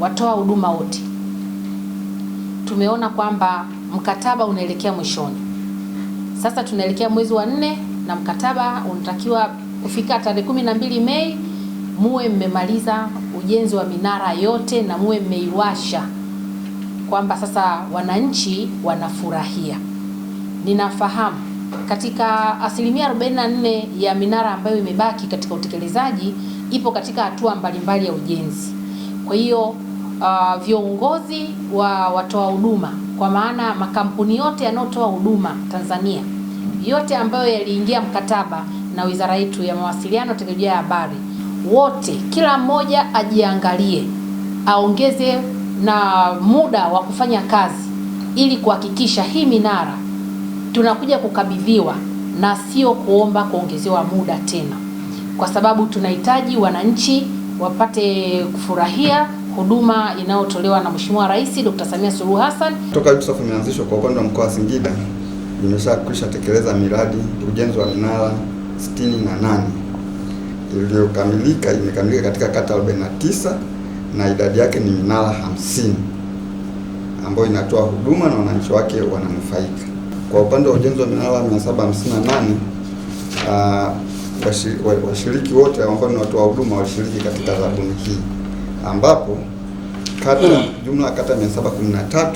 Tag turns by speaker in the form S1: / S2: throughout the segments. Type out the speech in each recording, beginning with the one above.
S1: watoa huduma wote, tumeona kwamba mkataba unaelekea mwishoni. Sasa tunaelekea mwezi wa nne na mkataba unatakiwa kufika tarehe kumi na mbili Mei muwe mmemaliza ujenzi wa minara yote na muwe mmeiwasha, kwamba sasa wananchi wanafurahia. Ninafahamu katika asilimia 44 ya minara ambayo imebaki katika utekelezaji ipo katika hatua mbalimbali ya ujenzi. Kwa hiyo uh, viongozi wa watoa huduma kwa maana makampuni yote yanayotoa huduma Tanzania yote ambayo yaliingia mkataba na wizara yetu ya mawasiliano teknolojia ya habari, wote kila mmoja ajiangalie, aongeze na muda wa kufanya kazi ili kuhakikisha hii minara tunakuja kukabidhiwa na sio kuomba kuongezewa muda tena, kwa sababu tunahitaji wananchi wapate kufurahia huduma inayotolewa na Mheshimiwa Rais Dr. Samia Suluhu Hassan.
S2: Toka Yusufu imeanzishwa kwa upande wa mkoa wa Singida imeshakwisha tekeleza miradi ujenzi wa minara 68 iliyokamilika imekamilika katika kata 49 na idadi yake ni minara 50 ambayo inatoa huduma na wananchi wake wananufaika. Kwa upande wa ujenzi wa minara 758 washiriki wote ambao ni watoa huduma walishiriki katika zabuni hii, ambapo kata hmm. jumla ya kata 713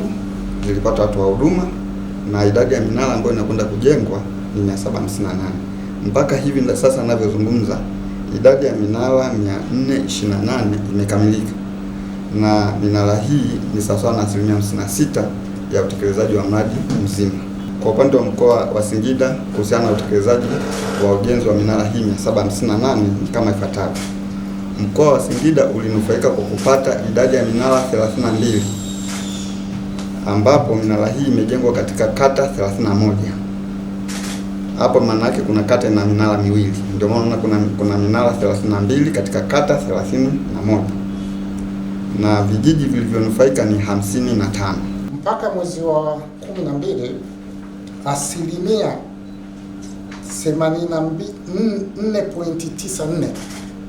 S2: zilipata watoa huduma na idadi ya minara ambayo inakwenda kujengwa ni 758. Mpaka hivi sasa ninavyozungumza, idadi ya minara 428 imekamilika na minara hii ni sawasawa na asilimia 56 ya utekelezaji wa mradi mzima. Kwa upande wa mkoa wa Singida kuhusiana na utekelezaji wa ujenzi wa minara hii 758 ni kama ifuatavyo. Mkoa wa Singida ulinufaika kwa kupata idadi ya minara 32 ambapo minara hii imejengwa katika kata 31. Hapo maana yake kuna kata na minara miwili, ndio maana kuna, kuna minara 32 katika kata 31 na vijiji vilivyonufaika ni 55
S3: mpaka mwezi wa 12 asilimia 84.94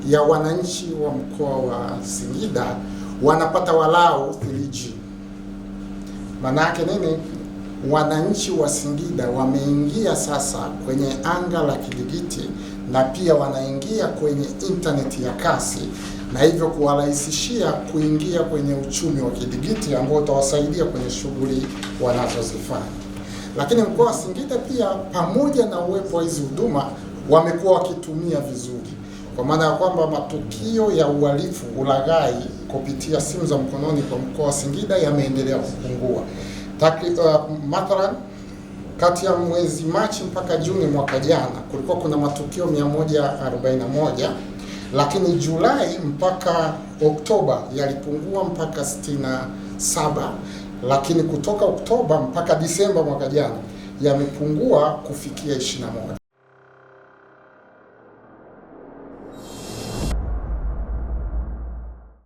S3: ya wananchi wa mkoa wa Singida wanapata walau theluji. Maana yake nini? Wananchi wa Singida wameingia sasa kwenye anga la kidigiti na pia wanaingia kwenye intaneti ya kasi na hivyo kuwarahisishia kuingia kwenye uchumi wa kidigiti ambao utawasaidia kwenye shughuli wanazozifanya lakini mkoa wa Singida pia pamoja na uwepo wa hizi huduma wamekuwa wakitumia vizuri, kwa maana ya kwamba matukio ya uhalifu, ulaghai kupitia simu za mkononi kwa mkoa wa Singida yameendelea kupungua. Uh, mathalan kati ya mwezi Machi mpaka Juni mwaka jana kulikuwa kuna matukio 141 lakini Julai mpaka Oktoba yalipungua mpaka 67, lakini kutoka Oktoba mpaka Disemba mwaka jana yamepungua kufikia 21.